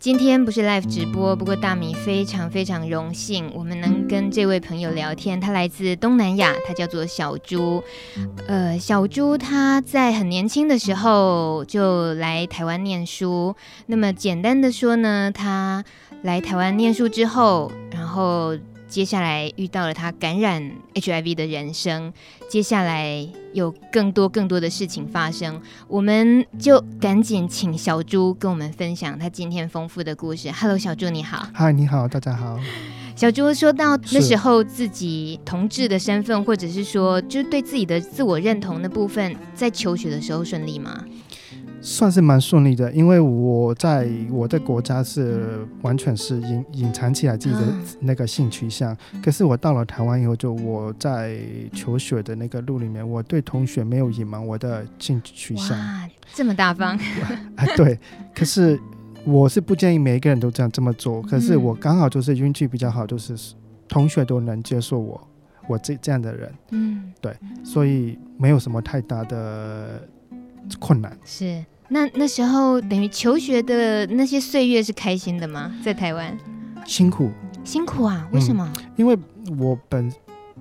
今天不是 live 直播，不過大米非常非常榮幸，我們能跟這位朋友聊天。他來自東南亞，他叫做小豬。呃，小豬他在很年輕的時候就來台灣念書。那麼簡單的說呢，他來台灣念書之後，然後。接下來遇到了他感染 HIV 的人生，接下來有更多更多的事情發生，我們就趕緊請小豬跟我們分享他今天豐富的故事。Hello，小豬你好。嗨，你好，大家好。小豬說到那時候自己同志的身份，是或者是說就是對自己的自我認同的部分，在求學的時候順利嗎？算是蠻順利的，因為我在我的國家是完全是隱隱藏起來自己的那個性取向。嗯、可是我到了台灣以後，就我在求學的那個路裡面，我對同學沒有隱瞞我的性取向。哇，這麼大方！呃、對， 可是我是不建議每一個人都這樣這麼做。可是我剛好就是運氣比較好，就是同學都能接受我，我這這樣的人。嗯，對，所以沒有什麼太大的。困難是那那時候等於求學的那些歲月是開心的嗎？在台灣辛苦辛苦啊？為什麼？嗯、因為我本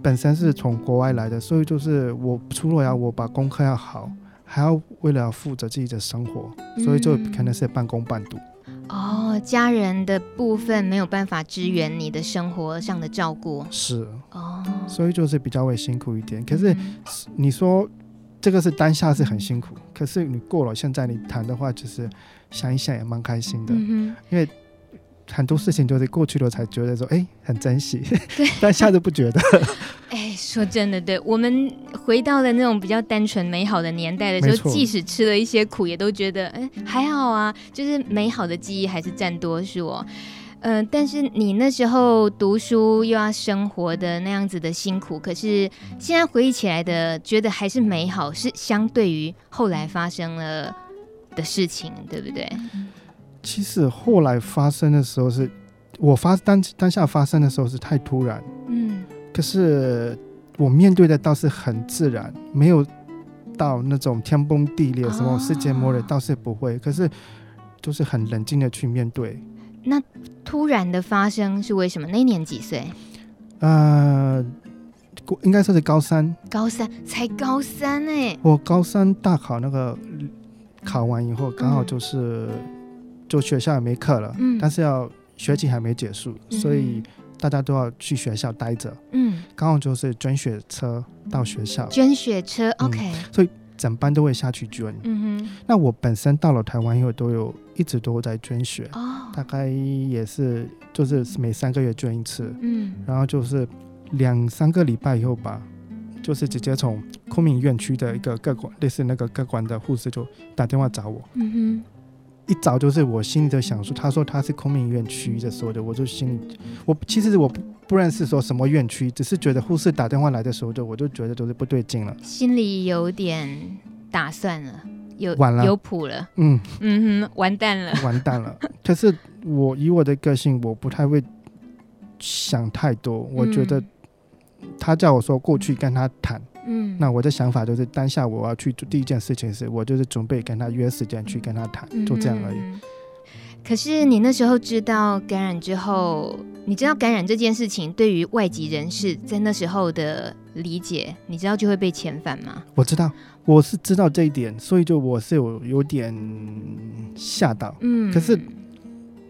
本身是從國外來的，所以就是我除了要我把功課要好，還要為了要負責自己的生活，嗯、所以就可能是半工半讀。哦，家人的部分沒有辦法支援你的生活上的照顧，是哦，所以就是比較會辛苦一點。可是、嗯、你說。這個是當下是很辛苦，可是你過了現在你談的話，就是想一想也蠻開心的，嗯、哼因為很多事情都是過去了才覺得說，哎，很珍惜。對，當下都不覺得。哎對， 說真的對，對我們回到了那種比較單純美好的年代的時候，錯即使吃了一些苦，也都覺得，哎，還好啊，就是美好的記憶還是占多數、哦。嗯、呃，但是你那時候讀書又要生活的那樣子的辛苦，可是現在回憶起來的，覺得還是美好，是相對於後來發生了的事情，對不對？其實後來發生的時候是，我發當當下發生的時候是太突然，嗯。可是我面對的倒是很自然，沒有到那種天崩地裂什麼、哦、世界末日倒是不會，可是就是很冷靜的去面對。那。突然的發生是為什麼？那年幾歲？呃，應該說是高三。高三才高三呢？欸。我高三大考那個考完以後，剛好就是、嗯、就學校也沒課了，嗯、但是要學籍還沒結束，嗯、所以大家都要去學校待着。嗯，剛好就是捐血車到學校。捐血車、嗯、OK。所以整班都會下去捐。嗯哼。那我本身到了台灣以後都有。一直都在捐血，哦、大概也是就是每三個月捐一次，嗯，然後就是兩三個禮拜以後吧，就是直接從昆明院區的一個個管類似那個個管的護士就打電話找我，嗯哼，一找就是我心裡就想說，他說他是昆明院區的，說的，我就心裡我其實我不認識說什麼院區，只是覺得護士打電話來的時候，就我就覺得就是不對勁了，心裡有點打算了。有譜了，了嗯嗯，完蛋了，完蛋了。可是我以我的個性，我不太會想太多。嗯、我覺得他叫我說過去跟他談，嗯，那我的想法就是當下我要去做第一件事情是我就是準備跟他約時間去跟他談，嗯、哼就這樣而已。可是你那時候知道感染之後？你知道感染這件事情對於外籍人士在那時候的理解，你知道就會被遣返嗎？我知道，我是知道這一點，所以就我是有有點嚇到。嗯，可是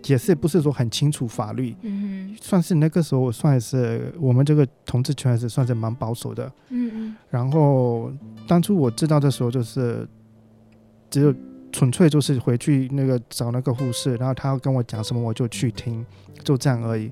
解釋不是說很清楚法律，嗯哼，算是那個時候我算是我們這個同志圈是算是蠻保守的，嗯嗯。然後當初我知道的時候，就是只有純粹就是回去那個找那個護士，然後他要跟我講什麼，我就去聽，就這樣而已。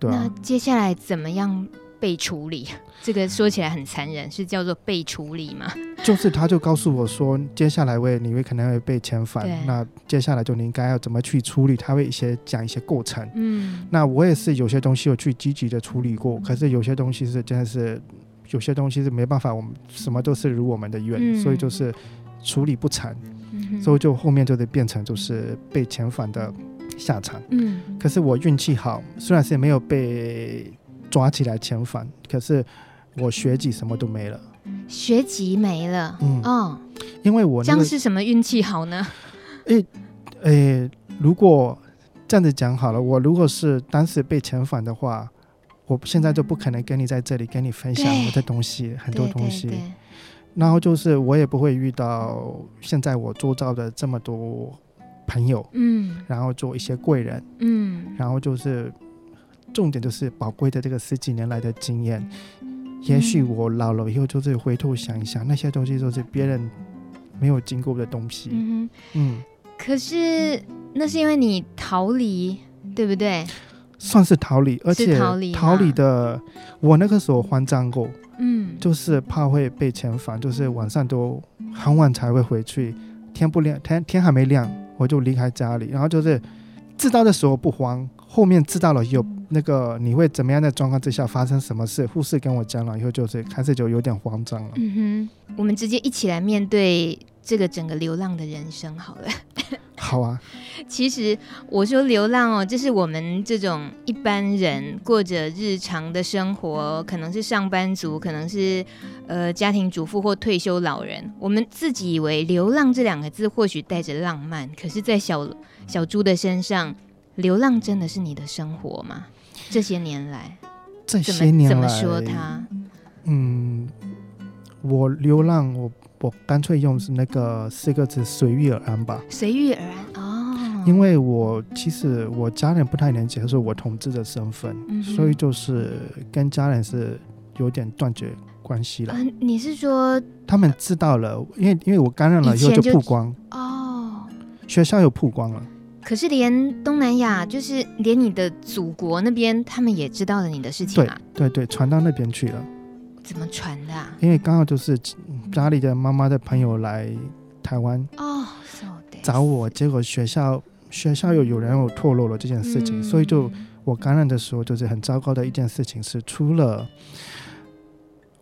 啊、那接下來怎麼樣被處理？這個說起來很殘忍，是叫做被處理嗎？就是他，就告訴我說，接下來會，你會可能會被遣返。對那接下來就你應該要怎麼去處理？他會一些講一些過程。嗯，那我也是有些東西我去積極的處理過，嗯、可是有些東西是真的是，有些東西是沒辦法，我們什麼都是如我們的願，嗯、所以就是處理不成，嗯、哼所以就後面就得變成就是被遣返的。下場，嗯，可是我運氣好，雖然是沒有被抓起來遣返，可是我學籍什麼都沒了，學籍沒了，嗯，哦，因為我這樣是什麼運氣好呢？誒，誒，誒，如果這樣子講好了，我如果是當時被遣返的話，我現在就不可能跟你在這裡跟你分享我的東西，對很多東西，對對對，然後就是我也不會遇到現在我周遭的這麼多。朋友，嗯，然後做一些貴人，嗯，然後就是重點就是寶貴的這個十幾年來的經驗。嗯、也許我老了以後，就是回頭想一想，那些東西都是別人沒有經過的東西。嗯哼嗯，可是那是因為你逃離，對不對？算是逃離，而且逃離逃離，逃離的，我那個時候慌張過，嗯，就是怕會被遣返，就是晚上都很晚才會回去，天不亮，天天還沒亮。我就離開家裡，然後就是，知道的時候不慌，後面知道了有那個你會怎麼樣的狀況，之下發生什麼事，護士跟我講了以後，就是開始就有點慌張了。嗯哼，我們直接一起來面對。這個整個流浪的人生，好了，好啊。 其實我說流浪哦，這、就是我們這種一般人過着日常的生活，可能是上班族，可能是呃家庭主婦或退休老人。我們自己以為“流浪”這兩個字或許帶着浪漫，可是，在小小豬的身上，流浪真的是你的生活嗎？這些年來，這些年來怎麼，怎麼說他？嗯，我流浪我。我乾脆用那個四個字“隨遇而安”吧。隨遇而安哦。因為我其實我家人不太能接受我同志的身份，所以就是跟家人是有點斷絕關係了。嗯，你是說？他們知道了，因為因為我感染了以後就曝光哦，學校又曝光了。可是連東南亞，就是連你的祖國那邊，他們也知道了你的事情。對對對，傳到那邊去了。怎麼傳的、啊？因為剛好就是家裡的媽媽的朋友來台灣哦，找我，結果學校學校又有人又透露了這件事情嗯、所以就我感染的時候就是很糟糕的一件事情，是除了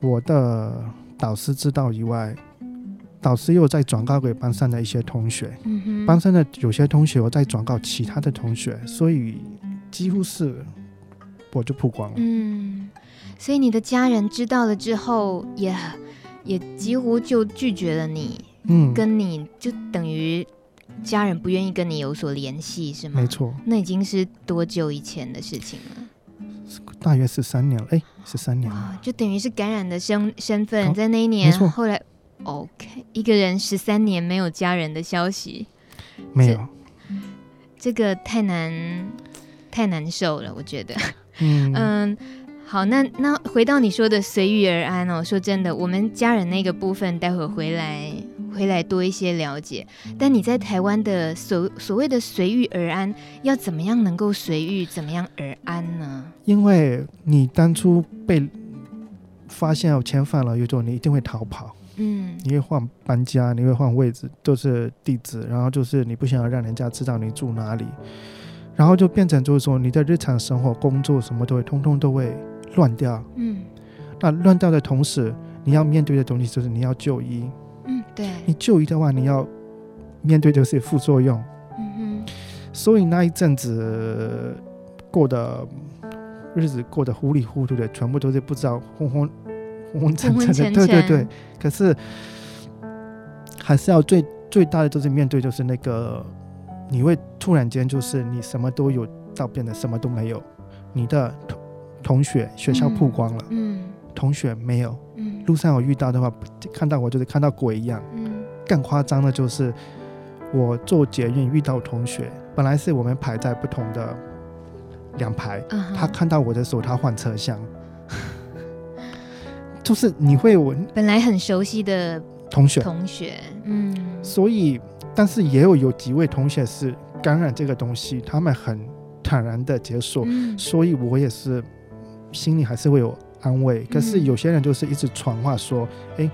我的導師知道以外，導師又再轉告給班上的一些同學，嗯、哼班上的有些同學又再轉告其他的同學，所以幾乎是我就曝光了。嗯所以你的家人知道了之後也，也也幾乎就拒絕了你，嗯，跟你就等於家人不願意跟你有所聯繫，是嗎？沒錯。那已經是多久以前的事情了？大約是十三年了，哎、欸，十三年了啊，就等於是感染的身身份在那一年。沒錯。後來，OK，一個人十三年沒有家人的消息，沒有這，這個太難太難受了，我覺得，嗯。嗯好，那那回到你說的隨遇而安哦。說真的，我們家人那個部分，待會回來回來多一些了解。但你在台灣的所所謂的隨遇而安，要怎麼樣能夠隨遇，怎麼樣而安呢？因為你當初被發現要遣返了，有種你一定會逃跑，嗯，你會換搬家，你會換位置，就是地址，然後就是你不想要讓人家知道你住哪裡，然後就變成就是說你在日常生活、工作什麼都會，通通都會。亂掉，嗯，那亂掉的同時，你要面對的東西就是你要就醫，嗯，對，你就醫的話，你要面對就是副作用，嗯哼，所以那一陣子過的日子過得糊裡糊塗的，全部都是不知道昏昏昏昏沉沉的，對對對，昏昏可是還是要最最大的就是面對就是那個，你會突然間就是你什麼都有到變得什麼都沒有，你的。同學學校曝光了，嗯，嗯同學沒有，嗯，路上有遇到的話，嗯、看到我就是看到鬼一樣，嗯，更誇張的就是我坐捷運遇到同學，本來是我們排在不同的兩排，嗯、他看到我的時候，他換車廂，嗯、 就是你會我本來很熟悉的同學同學，嗯，所以但是也有有幾位同學是感染這個東西，他們很坦然的接受，嗯、所以我也是。心裡還是會有安慰，可是有些人就是一直傳話說：“誒、嗯欸，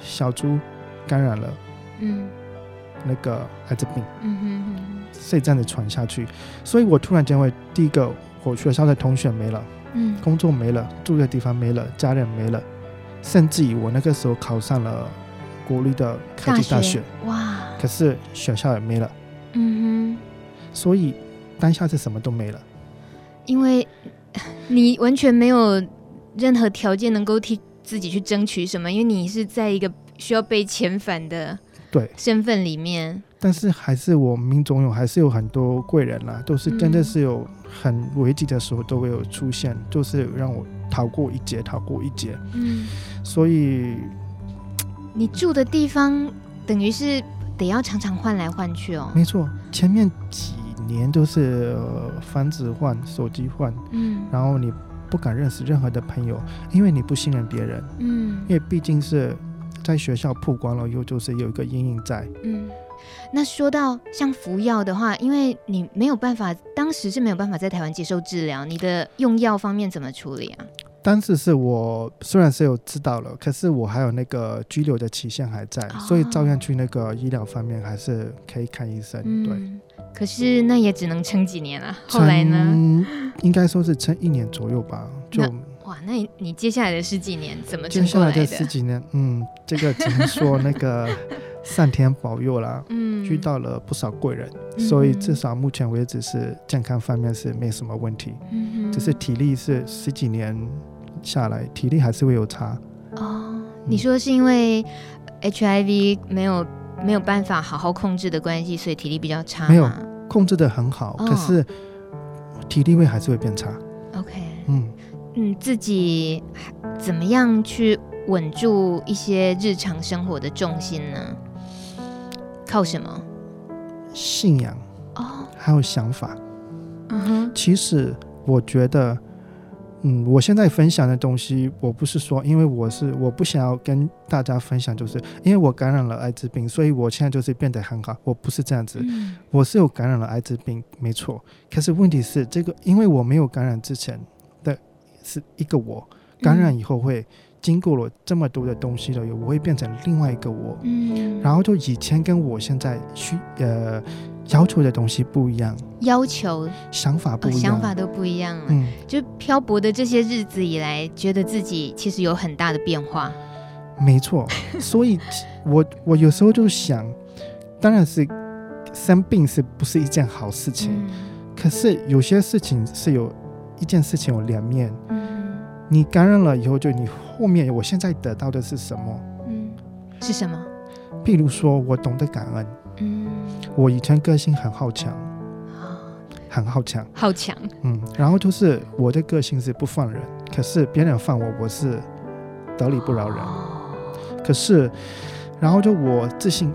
小豬感染了，嗯，那個艾滋病，嗯哼嗯哼，所以這樣子傳下去。”所以，我突然間會第一個，我學校的同學沒了，嗯，工作沒了，住的地方沒了，家人沒了，甚至於我那個時候考上了國立的科技大，大學，哇，可是學校也沒了，嗯哼，所以當下是什麼都沒了，因為。你完全沒有任何條件能夠替自己去爭取什麼，因為你是在一個需要被遣返的對身份裡面。但是還是我命中有還是有很多貴人啦，都是真的是有很危急的時候都會有出現，嗯、就是讓我逃過一劫，逃過一劫。嗯，所以你住的地方等於是得要常常換來換去哦。沒錯，前面幾。年都是、呃、房子換，手機換，嗯，然後你不敢認識任何的朋友，因為你不信任別人，嗯，因為畢竟是在學校曝光了，又就是有一個陰影在，嗯。那說到像服藥的話，因為你沒有辦法，當時是沒有辦法在台灣接受治療，你的用藥方面怎麼處理啊？當時是我雖然是有知道了，可是我還有那個居留的期限還在，哦、所以照樣去那個醫療方面還是可以看醫生，嗯、對。可是那也只能撐幾年了，撐後來呢？應該說是撐一年左右吧。就哇，那你接下來的十幾年怎麼撐過來的？接下來的十幾年，嗯，這個只能說那個上天保佑啦。 嗯，遇到了不少貴人，嗯、所以至少目前為止是健康方面是沒什麼問題。嗯哼，只是體力是十幾年下來，體力還是會有差。哦，嗯、你說是因為 HIV 沒有？沒有辦法好好控制的關係，所以體力比較差。沒有控制得很好，哦、可是體力會還是會變差。OK，嗯嗯，你自己怎麼樣去穩住一些日常生活的重心呢？靠什麼？信仰哦，還有想法。嗯哼，其實我覺得。嗯，我現在分享的東西，我不是說，因為我是我不想要跟大家分享，就是因為我感染了艾滋病，所以我現在就是變得很好。我不是這樣子，嗯、我是有感染了艾滋病，沒錯。可是問題是，這個因為我沒有感染之前的是一個我，感染以後會。嗯經過了這麼多的東西了，我會變成另外一個我。嗯，然後就以前跟我現在需呃要求的東西不一樣，要求想法不一樣，哦，想法都不一樣了。嗯，就漂泊的這些日子以來，覺得自己其實有很大的變化。沒錯，所以我我有時候就想， 當然是生病是不是一件好事情？嗯、可是有些事情是有一件事情有兩面。你感染了以後，就你後面我現在得到的是什麼？嗯，是什麼？譬如說，我懂得感恩。嗯，我以前個性很好強，哦、很好強。好強。嗯，然後就是我的個性是不放人，可是別人放我，我是得理不饒人。哦、可是，然後就我自信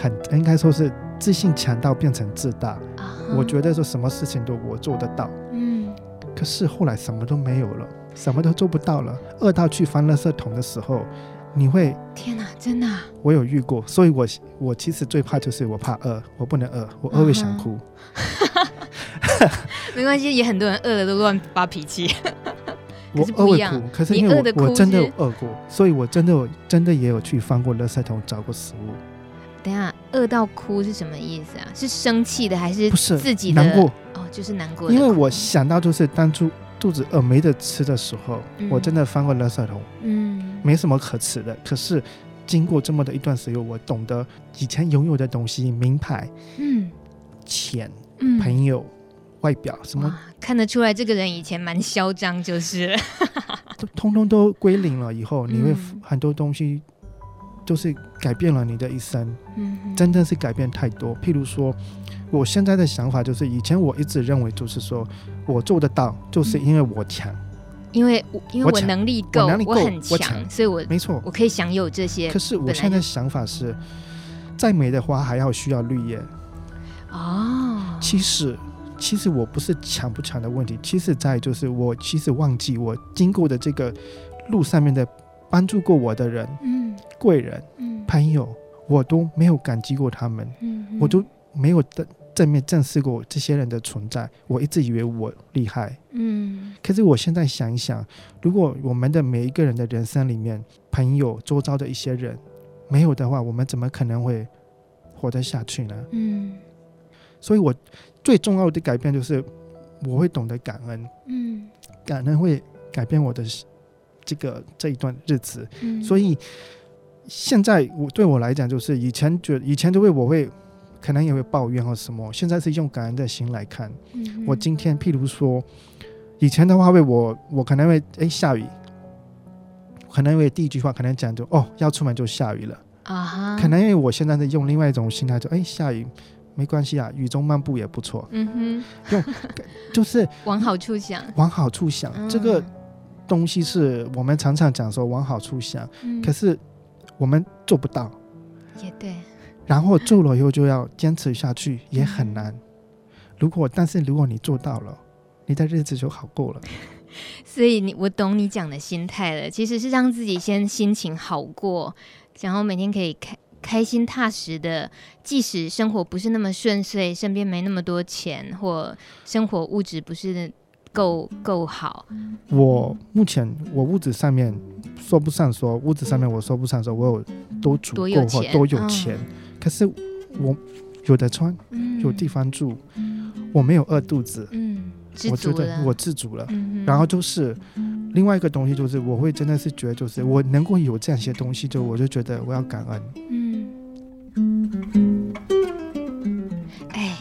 很，應該說是自信強到變成自大。啊、哼我覺得說什麼事情都我做得到。嗯，可是後來什麼都沒有了。什麼都做不到了，餓到去翻垃圾桶的時候，你會天哪，真的、啊，我有遇過，所以我我其實最怕就是我怕餓，我不能餓，我餓會想哭。沒關係，也很多人餓了都亂發脾氣。 我餓會哭，可是，不一樣，可是因為我，的哭我真的有餓過，所以我真的我真的也有去翻過垃圾桶找過食物。等下、啊，餓到哭是什麼意思啊？是生氣的還是自己的難過？哦，就是難過的。因為我想到就是當初。肚子餓沒得吃的時候，嗯、我真的翻過垃圾桶，嗯，沒什麼可吃的。可是經過這麼的一段時間，我懂得以前擁有的東西，名牌，嗯，錢前，嗯、朋友，外表什麼、啊，看得出來這個人以前蠻囂張，就是， 通通都歸零了。以後你會很多東西，都是改變了你的一生，嗯哼，真的是改變太多。譬如說。我現在的想法就是，以前我一直認為，就是說我做得到，就是因為我強、嗯，因為因為我能力夠，我，能力我很強，所以我沒錯錯，我可以享有這些。可是我現在想法是，來再美的花還要需要綠葉。哦，其實其實我不是強不強的問題，其實在就是我其實忘記我經過的這個路上面的幫助過我的人，嗯，貴人，嗯，朋友，我都沒有感激過他們，嗯哼，我都沒有的。正面正視過這些人的存在，我一直以為我厲害，嗯，可是我現在想一想，如果我們的每一個人的人生裡面，朋友周遭的一些人沒有的話，我們怎麼可能會活得下去呢？嗯，所以我最重要的改變就是我會懂得感恩，嗯，感恩會改變我的這個這一段日子，嗯，所以現在我對我來講就是以前覺以前就會我會。可能也會抱怨或什麼。現在是用感恩的心來看。嗯哼，我今天，譬如說，以前的話，為我，我可能會，誒下雨，可能因為第一句話可能講就，哦，要出門就下雨了啊哼。可能因為我現在是用另外一種心態，就，誒下雨沒關係啊，雨中漫步也不錯。嗯哼，就就是 往好處想，往好處想，嗯、這個東西是我們常常講說往好處想，嗯、可是我們做不到。也對。然後做了以後就要堅持下去，也很難。如果但是如果你做到了，你的日子就好過了。 所以你我懂你講的心態了，其實是讓自己先心情好過，然後每天可以開開心踏實的，即使生活不是那麼順遂，身邊沒那麼多錢，或生活物質不是夠夠好。我目前我物質上面說不上說，物質上面我說不上說，我有多足夠或多有錢。可是我有的穿，嗯、有地方住，我沒有餓肚子，嗯、我覺得我自主了。嗯嗯。然後就是另外一個東西，就是我會真的是覺得，就是我能夠有這樣些東西，就我就覺得我要感恩。嗯。哎，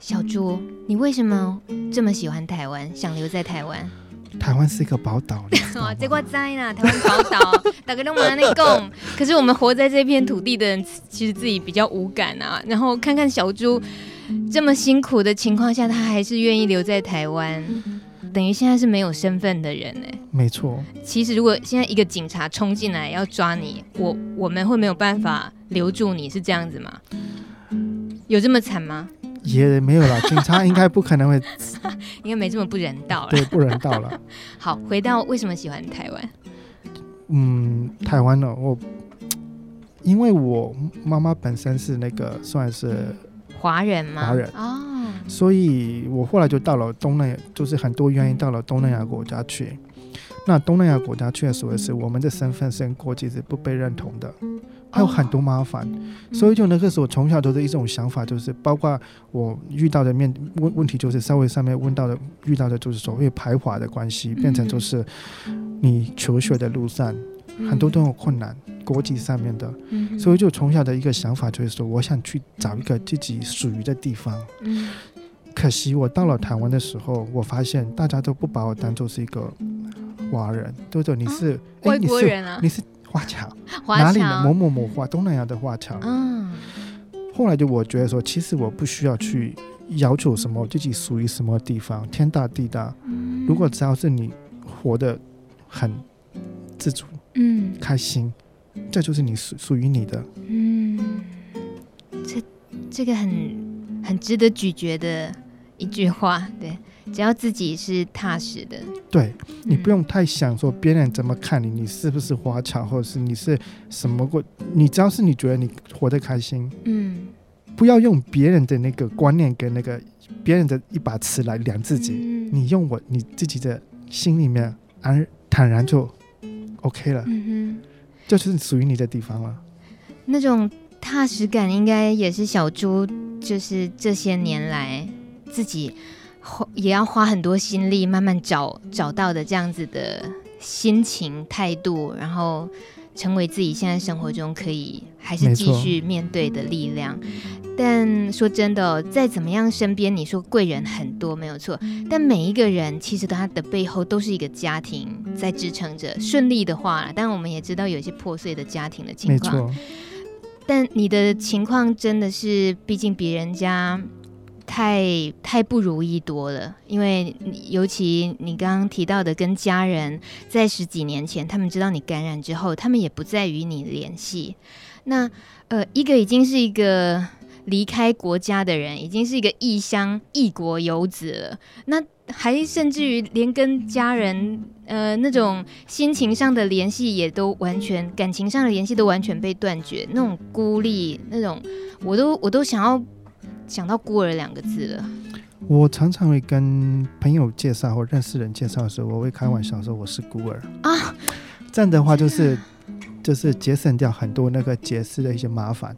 小豬，你為什麼這麼喜歡台灣？想留在台灣？台灣是一個寶島。哇， 這瓜災啦，台灣寶島， 大家都這麼說。可是我們活在這片土地的人，其實自己比較無感啊。然後看看小豬這麼辛苦的情況下，他還是願意留在台灣，等於現在是沒有身份的人呢。沒錯錯。其實如果現在一個警察衝進來要抓你，我我們會沒有辦法留住你，是這樣子嗎？有這麼慘嗎？也沒有了，警察應該不可能會， 應該沒這麼不人道了。對，不人道了。 好，回到為什麼喜歡台灣？嗯，台灣呢，我因為我媽媽本身是那個算是華人嘛，華、嗯、人啊，哦、所以我後來就到了東南，就是很多原因到了東南亞國家去。那東南亞國家確實也是我們的身份是國際是不被認同的。還有很多麻煩，哦嗯、所以就那個時候，從小都是一種想法，就是包括我遇到的面問問題，就是稍微上面問到的遇到的，就是所謂排華的關係，嗯、變成就是你求學的路上、嗯、很多都有困難，嗯、國際上面的，嗯、所以就從小的一個想法就是說，我想去找一個自己屬於的地方。嗯、可惜我到了台灣的時候，我發現大家都不把我當做是一個華人，對不對？你是外國人啊、欸，你是。你是華僑，哪裡？某某某華東南亞的華僑。哦、後來就我覺得說，其實我不需要去要求什麼，自己屬於什麼地方。天大地大，嗯、如果只要是你活得很自主，嗯，開心，這就是你屬於你的。嗯，這這個很很值得咀嚼的一句話，對。只要自己是踏實的，對，你不用太想說別人怎麼看你，嗯、你是不是華僑，或者是你是什麼過，你只要是你覺得你活得開心，嗯，不要用別人的那個觀念跟那個別人的一把尺來量自己，嗯、你用我你自己的心裡面安坦然就，嗯、OK 了，嗯哼就，就是屬於你的地方了。那種踏實感，應該也是小豬，就是這些年來自己，也要花很多心力，慢慢找找到的這樣子的心情態度，然後成為自己現在生活中可以還是繼續面對的力量。沒錯。但說真的哦，再怎麼樣身邊，你說貴人很多沒有錯，但每一個人其實他的背後都是一個家庭在支撐着。順利的話，但我們也知道有些破碎的家庭的情況。沒錯。但你的情況真的是，畢竟比人家。太太不如意多了，因為尤其你剛剛提到的，跟家人在十幾年前，他們知道你感染之後，他們也不再與你聯繫。那呃，一個已經是一個離開國家的人，已經是一個異鄉異國游子了。那還甚至於連跟家人呃、那種心情上的聯繫也都完全，感情上的聯繫都完全被斷絕，那種孤立，那種我都我都想要。講到孤兒兩個字了，我常常會跟朋友介紹或認識人介紹的時候，我會開玩笑說我是孤兒啊。這樣的話就是就是節省掉很多那個解釋的一些麻煩，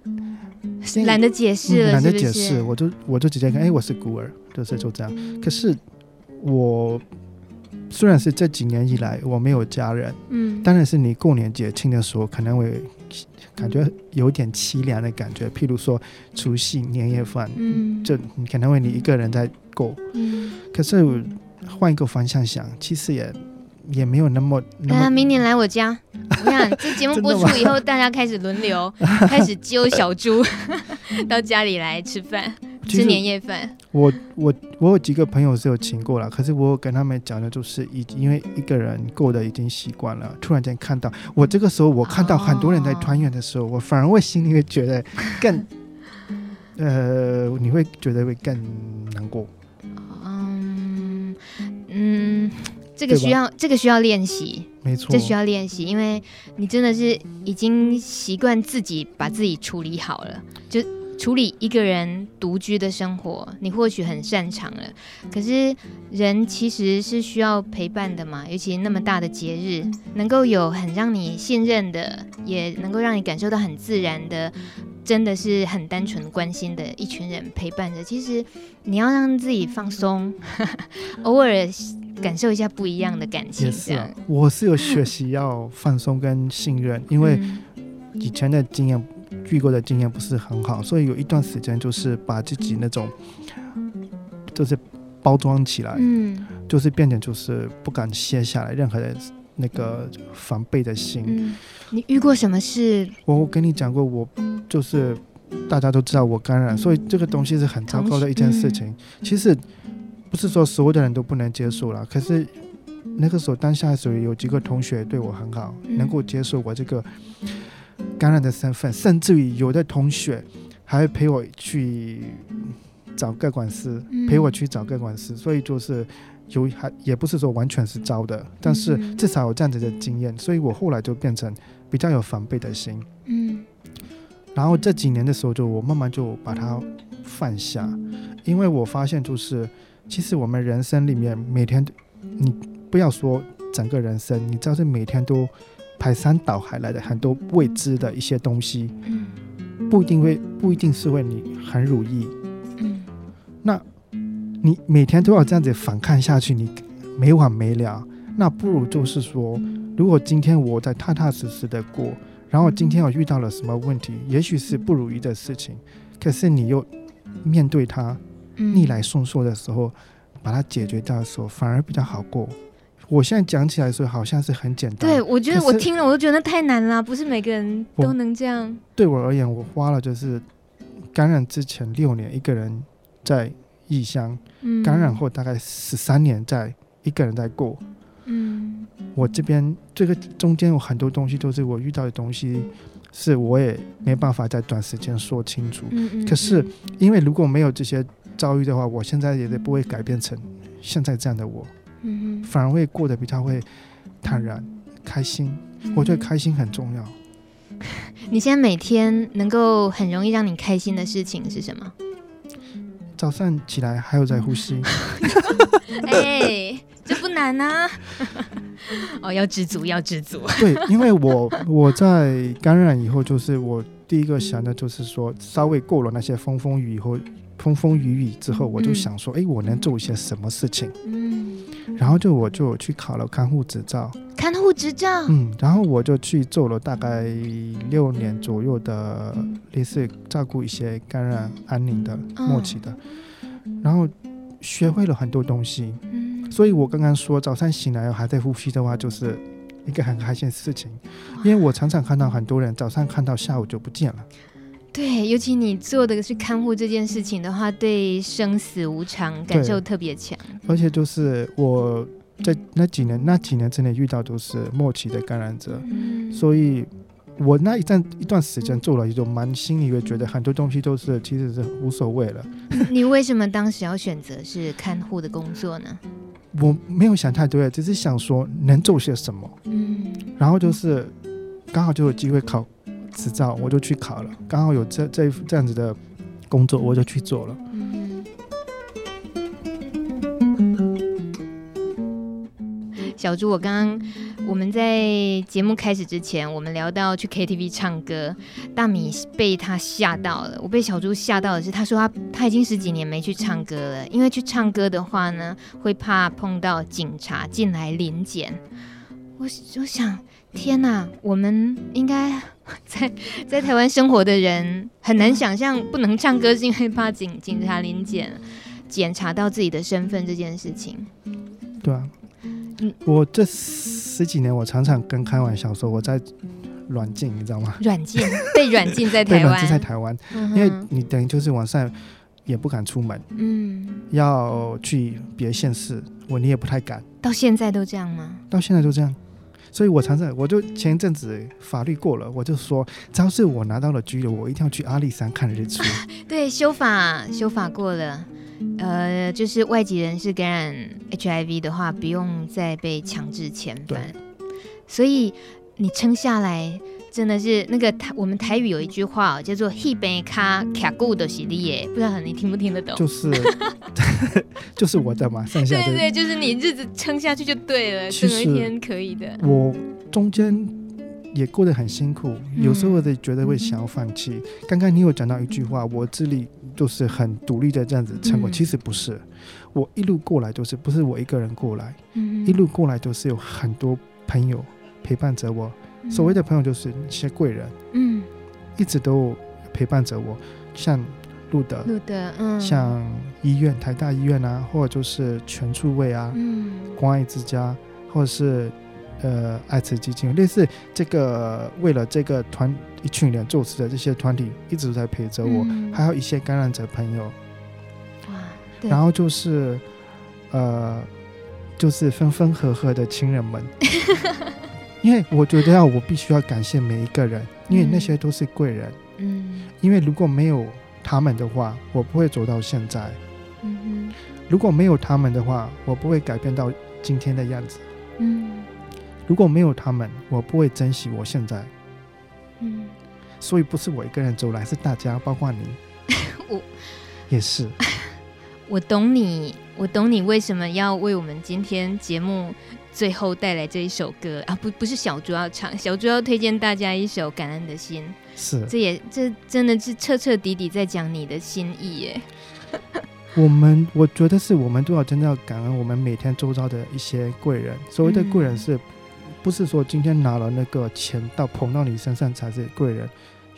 懶得解釋，懶、嗯、得解釋，我就我就直接跟哎、欸、我是孤兒，就是就這樣。嗯、可是我雖然是這幾年以來我沒有家人，嗯，當然是你過年節慶的時候可能會。感覺有點淒涼的感覺，譬如說除夕年夜飯，嗯，就可能會你一個人在過，嗯。可是換一個方向想，其實也也沒有那麼。那麼，啊、明年來我家，你看 這節目播出以後，大家開始輪流開始揪小豬 到家裡來吃飯。吃年夜飯，我我我有幾個朋友是有請過了，可是我跟他們講的就是已經，已因為一個人過得已經習慣了，突然間看到我這個時候，我看到很多人在團圓的時候，哦、我反而會心裡面覺得更， 呃，你會覺得會更難過。嗯嗯，這個需要吧這個需要練習，沒錯錯，這需要練習，因為你真的是已經習慣自己把自己處理好了，就。處理一個人獨居的生活，你或許很擅長了。可是人其實是需要陪伴的嘛，尤其那麼大的節日，能夠有很讓你信任的，也能夠讓你感受到很自然的，真的是很單純關心的一群人陪伴着。其實你要讓自己放鬆，偶爾感受一下不一樣的感情這樣。也是啊，我是有學習要放鬆跟信任， 因為以前的經驗。遇過的經驗不是很好，所以有一段時間就是把自己那種，就是包裝起來，嗯，就是變成就是不敢卸下來，任何的那個防備的心、嗯。你遇過什麼事？我我跟你講過，我就是大家都知道我感染，嗯，所以這個東西是很糟糕的一件事情。嗯，其實不是說所有的人都不能接受了，可是那個時候當下屬於有幾個同學對我很好，嗯，能夠接受我這個。感染的身份，甚至於有的同學還會陪我去找個管事，嗯、陪我去找個管事，所以就是有還也不是說完全是招的，但是至少有這樣子的經驗，所以我後來就變成比較有防備的心。嗯，然後這幾年的時候，就我慢慢就把它放下，因為我發現就是其實我們人生裡面每天，你不要說整個人生，你只要是每天都。排山倒海來的很多未知的一些東西，不一定會不一定是為你很如意，嗯，那你每天都要這樣子反抗下去，你沒完沒了，那不如就是說，嗯，如果今天我在踏踏實實的過，然後今天我遇到了什麼問題，也許是不如意的事情，可是你又面對它，嗯，逆來順受的時候，把它解決掉的時候，反而比較好過。我現在講起來說，好像是很簡單。對，我覺得我，我聽了，我都覺得那太難了，不是每個人都能這樣。我對我而言，我花了就是感染之前六年一個人在異鄉，感染後大概十三年在一個人在過。嗯，我這邊這個中間有很多東西都是我遇到的東西，是我也沒辦法在短時間說清楚。嗯嗯嗯，可是因為如果沒有這些遭遇的話，我現在也得不會改變成現在這樣的我。嗯、反而會過得比較會坦然，開心。嗯、哼我覺得開心很重要。你現在每天能夠很容易讓你開心的事情是什麼？早上起來還有在呼吸。哎、嗯 欸，這不難啊。 哦，要知足，要知足。 對，因為我我在感染以後，就是我第一個想的，就是說稍微過了那些風風雨以後。風風雨雨之後，我就想說，嗯、誒，我能做一些什麼事情？嗯、然後就我就去考了看護執照。看護執照，嗯，然後我就去做了大概六年左右的類似照顧一些感染安寧的、嗯、末期的，哦、然後學會了很多東西。嗯、所以我剛剛說早上醒來還在呼吸的話，就是一個很開心的事情，哇因為我常常看到很多人早上看到下午就不見了。對，尤其你做的是看護這件事情的話，對生死無常感受特別強。而且就是我在那幾年那幾年之內遇到都是末期的感染者，嗯，所以我那一段一段時間做了一種蠻心裡覺得很多東西都是其實是無所謂了。你為什麼當時要選擇是看護的工作呢？我沒有想太多，只是想說能做些什麼。嗯，然後就是剛好就有機會考。執照，我就去考了。剛好有這這這樣子的工作，我就去做了。嗯、小豬，我剛剛我們在節目開始之前，我們聊到去 KTV 唱歌，大米被他嚇到了。我被小豬嚇到的是，他說他他已經十幾年沒去唱歌了，因為去唱歌的話呢，會怕碰到警察進來臨檢。我就想，天哪，啊，嗯、我們應該。 在在台灣生活的人很難想象，不能唱歌是因為怕警警察臨檢檢查到自己的身份這件事情。對啊。我這十幾年我常常跟開玩笑說，我在軟禁，你知道嗎？軟禁，被軟禁在台灣。軟禁在台灣，因為你等於就是晚上也不敢出門。嗯。要去別縣市，我你也不太敢。到現在都這樣嗎？到現在都這樣。所以我，我常常我就前一陣子法律過了，我就說，只要是我拿到了居留，我一定要去阿里山看日出。 對，修法修法過了，呃，就是外籍人士感染 HIV 的話，不用再被強制遣返。對所以你撐下來。真的是那個台，我們台語有一句話、哦、叫做“ he 一杯咖啡孤獨是的耶”，不知道你聽不聽得懂。就是， 就是我在嘛， 剩下的對，對對，就是你日子撐下去就對了，是實，有一天可以的。我中間也過得很辛苦，有時候我就覺得會想要放棄。剛剛、嗯、你有講到一句話，我自己就是很獨立的這樣子撐過，嗯、其實不是，我一路過來都是不是我一個人過來，嗯、一路過來都是有很多朋友陪伴着我。所謂的朋友就是一些貴人，嗯，一直都陪伴着我，像路德、路德，嗯，像醫院、台大醫院啊，或者就是權促會啊，嗯，關愛之家，或者是呃愛慈基金，類似這個為了這個團一群人做事的這些團體，一直都在陪着我，嗯、還有一些感染者朋友，哇，對，然後就是呃，就是分分合合的親人們。 因為我覺得要，我必須要感謝每一個人，因為那些都是貴人。嗯，嗯，因為如果沒有他們的話，我不會走到現在。嗯哼如果沒有他們的話，我不會改變到今天的樣子。嗯，如果沒有他們，我不會珍惜我現在。嗯，所以不是我一個人走來，是大家，包括你。 我也是。啊，我懂你。我懂你為什麼要為我們今天節目最後帶來這一首歌啊？不，不是小豬要唱，小豬要推薦大家一首《感恩的心》。是，這也這真的是徹徹底底在講你的心意耶。 我們我覺得是我們都要真的要感恩，我們每天周遭的一些貴人。所謂的貴人是，是、嗯、不是說今天拿了那個錢到捧到你身上才是貴人？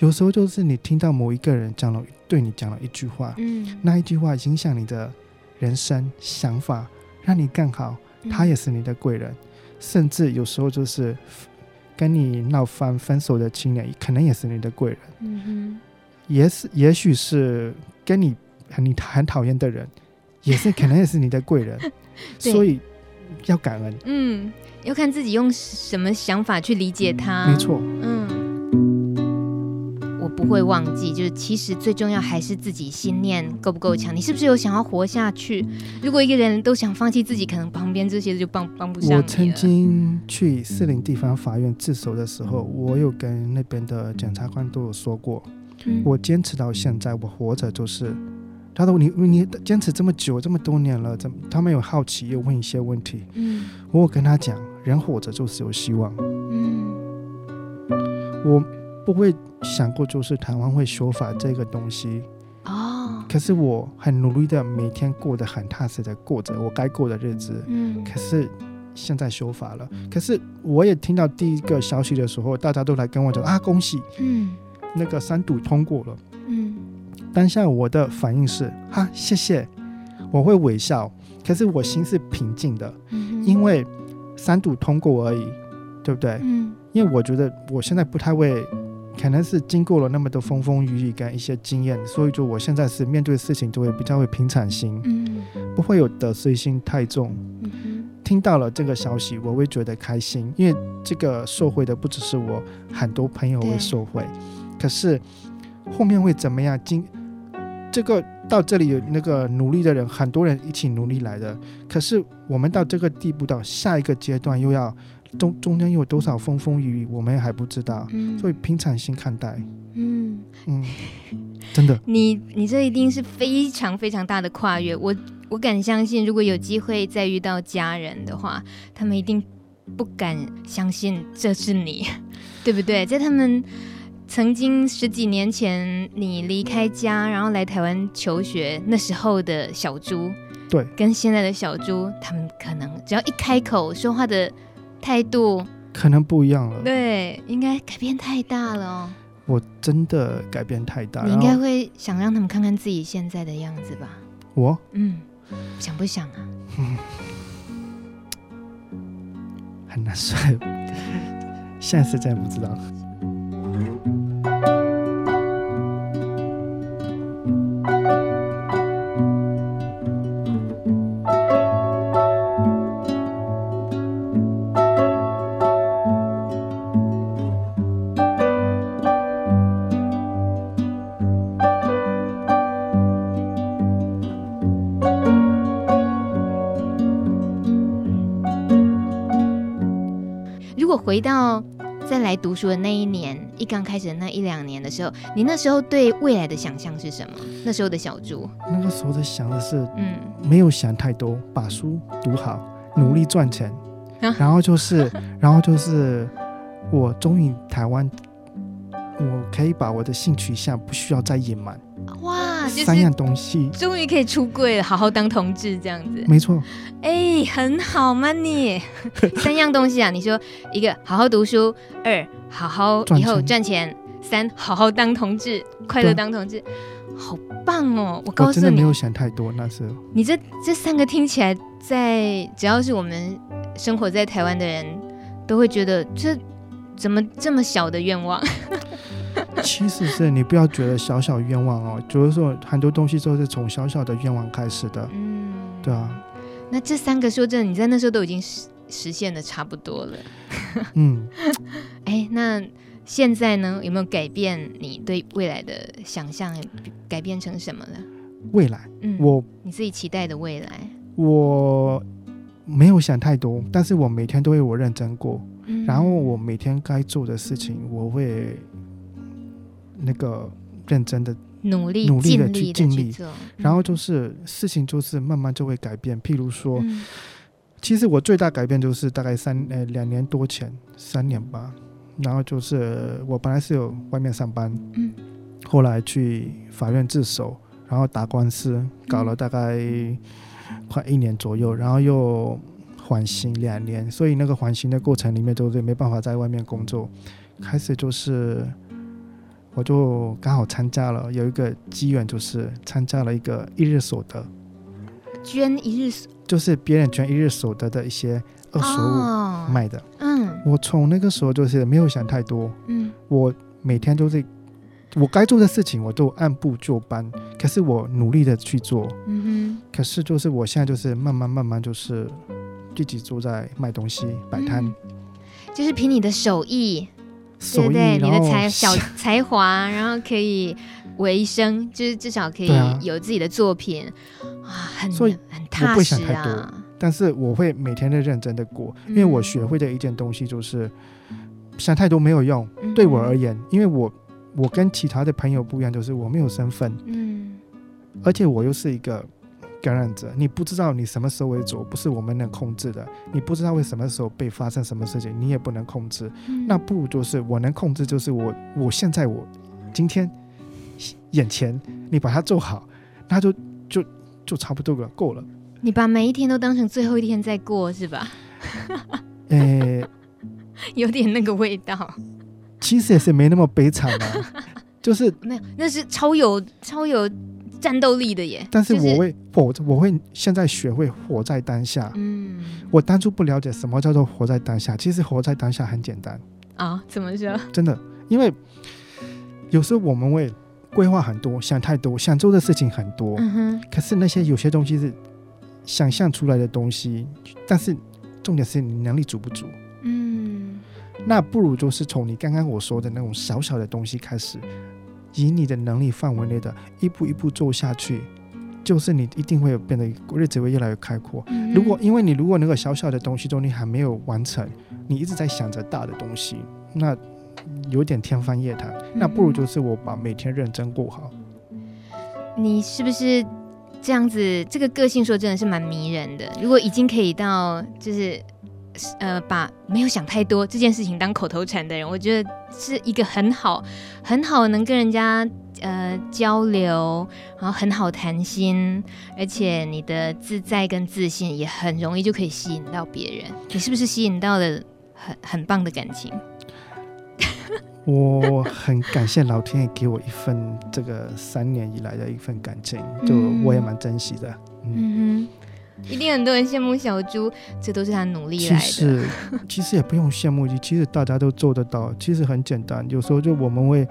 有時候就是你聽到某一個人講了對你講了一句話，嗯，那一句話影響你的。人生想法讓你更好，他也是你的貴人。嗯、甚至有時候就是跟你鬧翻分手的親人，可能也是你的貴人。嗯哼，也是，也許是跟你你很討厭的人，也是，可能也是你的貴人。 對所以要感恩。嗯，要看自己用什麼想法去理解他。沒錯。嗯。不會忘記，就是其實最重要還是自己心念夠不夠強。你是不是有想要活下去？如果一個人都想放棄自己，可能旁邊這些就幫幫不上。我曾經去士林地方法院自首的時候，我有跟那邊的檢察官都有說過，嗯，我堅持到現在，我活着就是。他說你你堅持這麼久這麼多年了，怎麼他們有好奇又問一些問題。嗯，我跟他講，人活着就是有希望。嗯，我不會。想過就是台灣會修法這個東西，哦，可是我很努力的每天過得很踏實的過着我該過的日子，嗯，可是現在修法了，可是我也聽到第一個消息的時候，大家都來跟我講啊，恭喜，嗯，那個三讀通過了，嗯，當下我的反應是哈、啊，謝謝，我會微笑，可是我心是平靜的，因為三讀通過而已，對不對？因為我覺得我現在不太會。可能是經過了那麼多風風雨雨跟一些經驗，所以就我現在是面對的事情就會比較會平常心，嗯、哼不會有得失心太重。嗯、哼聽到了這個消息，我會覺得開心，因為這個受惠的不只是我，很多朋友會受惠。對可是後面會怎麼樣？經這個到這裡有那個努力的人，很多人一起努力來的。可是我們到這個地步，到下一個階段又要。中中間有多少風風雨雨，我們還不知道，嗯、所以平常心看待。嗯嗯，真的，你你這一定是非常非常大的跨越，我我敢相信，如果有機會再遇到家人的話，他們一定不敢相信這是你，對不對？在他們曾經十幾年前你離開家，然後來台灣求學，那時候的小豬，對，跟現在的小豬，他們可能只要一開口說話的。態度可能不一樣了，對，應該改變太大了。我真的改變太大了，你應該會想讓他們看看自己現在的樣子吧？我，嗯，想不想啊？ 很難說，現在實在不知道。 回到再來讀書的那一年，一剛開始的那一兩年的時候，你那時候對未來的想象是什麼？那時候的小豬，那個時候的想的是，嗯，沒有想太多，把書讀好，努力賺錢，然後就是， 然後就是，我終於台灣，我可以把我的性取向不需要再隱瞞。三樣東西，終於可以出櫃了，好好當同志這樣子，沒錯，哎、欸，很好嗎？你。 三樣東西啊，你說一個好好讀書，二好好以後賺錢，賺錢三好好當同志，對快樂當同志，好棒哦！我告訴你我真的沒有想太多，那時候你這這三個聽起來在，在只要是我們生活在台灣的人都會覺得這，這怎麼這麼小的願望？ 其實是你不要覺得小小願望哦，就是說很多東西都是從小小的願望開始的，嗯，對啊。那這三個說真的，你在那時候都已經實實現的差不多了。 嗯，哎，那現在呢，有沒有改變你對未來的想象？改變成什麼了？未來，嗯，我你自己期待的未來，我沒有想太多，但是我每天都會我認真過，嗯、然後我每天該做的事情我會。那個認真的努力，努力，努力的去盡力做然後就是、嗯、事情就是慢慢就會改變。譬如說，嗯、其實我最大改變就是大概三呃兩年多前三年吧，然後就是我本來是有外面上班，嗯、後來去法院自首，然後打官司搞了大概快一年左右，嗯、然後又緩刑兩年，所以那個緩刑的過程裡面就是沒辦法在外面工作，開始就是。嗯我就剛好參加了，有一個機緣，就是參加了一個一日所得，捐一日，就是別人捐一日所得的一些二手物賣的。嗯，我從那個時候就是沒有想太多。嗯，我每天都是我該做的事情，我都按部就班，可是我努力的去做。嗯哼。可是就是我現在就是慢慢慢慢就是自己坐在賣東西擺攤，嗯，就是憑你的手藝。所以對對，後你的才小才華， 然後可以維生，就是至少可以有自己的作品，啊，很所以很踏實，啊，我不想太多。但是我會每天都認真的過，因為我學會的一件東西就是、嗯、想太多沒有用。對我而言，嗯、因為我我跟其他的朋友不一樣，就是我沒有身份，嗯，而且我又是一個。感染者，你不知道你什麼時候為主，不是我們能控制的。你不知道會什麼時候被發生什麼事情，你也不能控制。嗯、那不如就是我能控制，就是我，我現在我，今天眼前你把它做好，那就就就差不多了。夠了。你把每一天都當成最後一天在過，是吧？誒 、欸，有點那個味道。其實也是沒那麼悲慘啊， 就是那那是超有超有。戰鬥力的耶，但是我會否、就是？我會現在學會活在當下。嗯，我當初不了解什麼叫做活在當下，其實活在當下很簡單啊、哦。怎麼說？真的，因為有時候我們會規劃很多，想太多，想做的事情很多。嗯哼可是那些有些東西是想象出來的東西，但是重點是你能力足不足？嗯，那不如就是從你剛剛我說的那種小小的東西開始。以你的能力範圍內的一步一步做下去，就是你一定會有變得日子會越來越開闊。嗯嗯，如果因為你如果那個小小的東西都你還沒有完成，你一直在想着大的東西，那有點天方夜譚。那不如就是我把每天認真過好。嗯嗯，你是不是這樣子？這個個性說真的是蠻迷人的。如果已經可以到就是。呃，把沒有想太多這件事情當口頭禪的人，我覺得是一個很好，很好能跟人家呃交流，然後很好談心，而且你的自在跟自信也很容易就可以吸引到別人。你是不是吸引到了很很棒的感情？ 我很感謝老天爺給我一份這個三年以來的一份感情，就我也蠻珍惜的。嗯哼。嗯嗯一定很多人羨慕小豬，這都是他努力來的。其實其實也不用羨慕，其實大家都做得到，其實很簡單。有時候就我們會，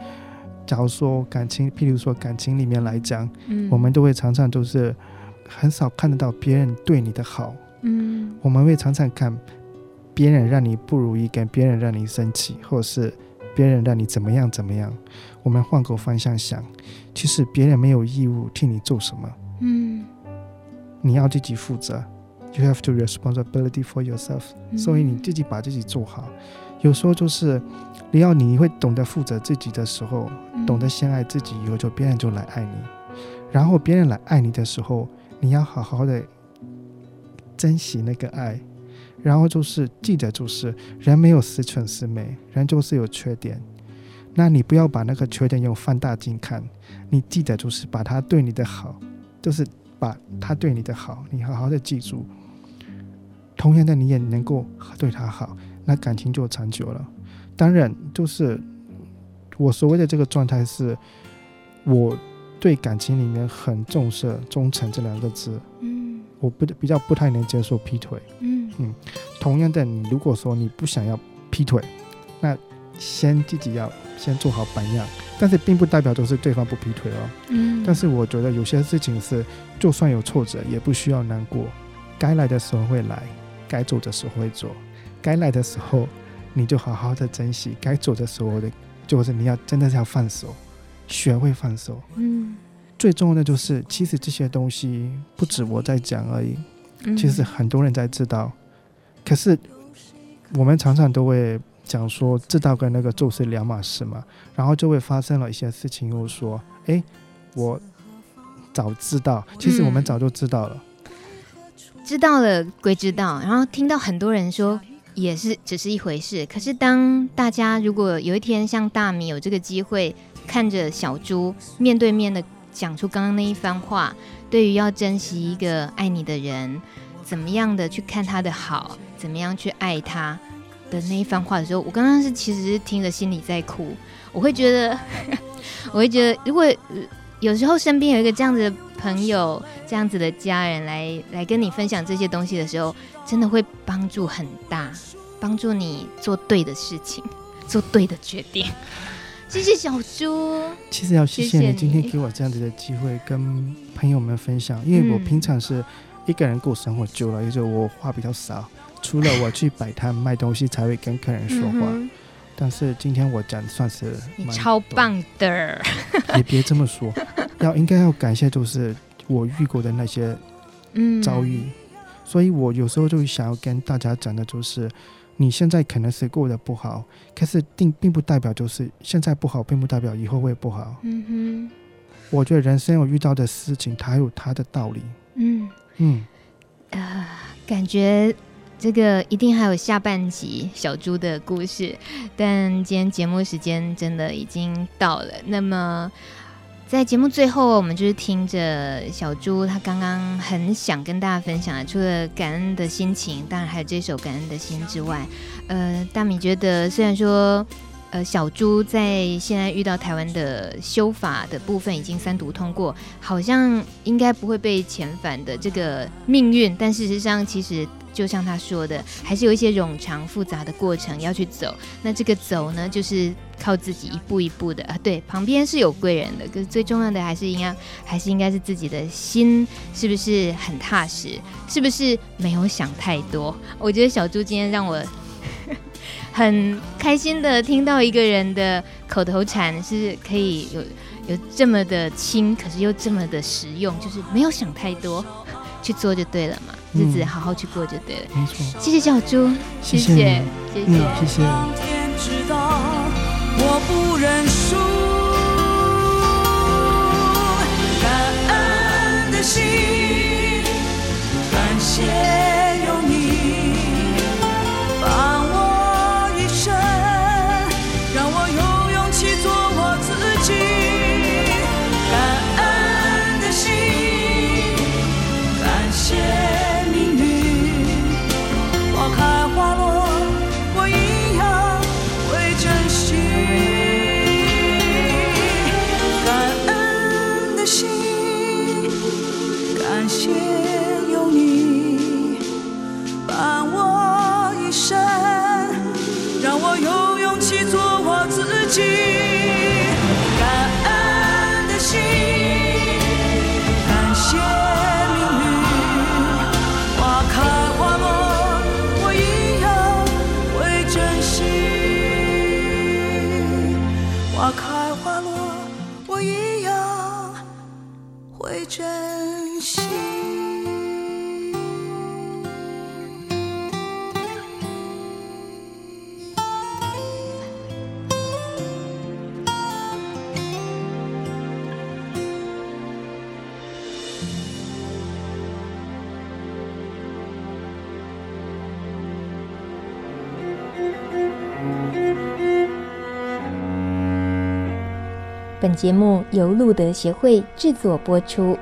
假如說感情，譬如說感情裡面來講，嗯，我們都會常常都是很少看得到別人對你的好，嗯，我們會常常看別人讓你不如意，跟別人讓你生氣，或者是別人讓你怎麼樣怎麼樣。我們換個方向想，其實別人沒有義務替你做什麼，嗯。你要自己負責，You have to responsibility for yourself。所以你自己把自己做好。嗯、有時候就是你要你會懂得負責自己的時候，懂得先愛自己，以後就別人就來愛你。然後別人來愛你的時候，你要好好的珍惜那個愛。然後就是記得就是，人沒有十全十美，人就是有缺點。那你不要把那個缺點用放大鏡看。你記得就是把他對你的好，就是。把他對你的好，你好好的記住。同樣的，你也能夠對他好，那感情就長久了。當然，就是我所謂的這個狀態是，我對感情裡面很重視忠誠這兩個字。嗯，我不比較不太能接受劈腿。嗯嗯，同樣的，你如果說你不想要劈腿，那先自己要先做好榜樣。但是並不代表都是對方不劈腿哦。嗯。但是我覺得有些事情是，就算有挫折也不需要難過，該來的時候會來，該走的時候會走，該來的時候你就好好的珍惜，該走的時候的，就是你要真的是要放手，學會放手。嗯。最重要的就是，其實這些東西不止我在講而已，嗯、其實很多人在知道，可是我們常常都會。講說知道跟那個做是兩碼事嘛，然後就會發生了一些事情。又說，哎、欸，我早知道，其實我們早就知道了，嗯、知道了歸知道。然後聽到很多人說，也是只是一回事。可是當大家如果有一天像大米有這個機會，看着小豬面對面的講出剛剛那一番話，對於要珍惜一個愛你的人，怎麼樣的去看他的好，怎麼樣去愛他。的那一番話的時候，我剛剛是其實是聽着心裡在哭，我會覺得，我會覺得，如果有時候身邊有一個這樣子的朋友，這樣子的家人來來跟你分享這些東西的時候，真的會幫助很大，幫助你做對的事情，做對的決定。謝謝小豬，其實要謝謝你，謝謝你今天給我這樣子的機會跟朋友們分享，因為我平常是一個人過生活久了，嗯，也就是我話比較少。除了我去擺攤賣東西才會跟客人說話，嗯、哼但是今天我講算是超棒的， 也別這麼說，要應該要感謝就是我遇過的那些遭遇，嗯、所以我有時候就想要跟大家講的就是，你現在可能是過得不好，可是並並不代表就是現在不好，並不代表以後會不好。嗯、哼我覺得人生有遇到的事情，它還有它的道理。嗯嗯，嗯呃，感覺。這個一定還有下半集小豬的故事，但今天節目時間真的已經到了。那麼，在節目最後，我們就是聽着小豬他剛剛很想跟大家分享的，啊，除了感恩的心情，當然還有這首《感恩的心》之外，呃，大米覺得雖然說。呃，小豬在現在遇到台灣的修法的部分已經三讀通過，好像應該不會被遣返的這個命運。但事實上，其實就像他說的，還是有一些冗長複雜的過程要去走。那這個走呢，就是靠自己一步一步的啊、呃。對，旁邊是有貴人的，可是最重要的還是應該還是應該是自己的心是不是很踏實，是不是沒有想太多？我覺得小豬今天讓我。呵呵很開心的聽到一個人的口頭禪是可以有有這麼的輕，可是又這麼的實用，就是沒有想太多，去做就對了嘛，嗯、日子好好去過就對了。嗯、沒錯，謝謝小豬，謝謝你，謝謝，嗯，謝謝，嗯、謝謝。節目由露德協會製作播出。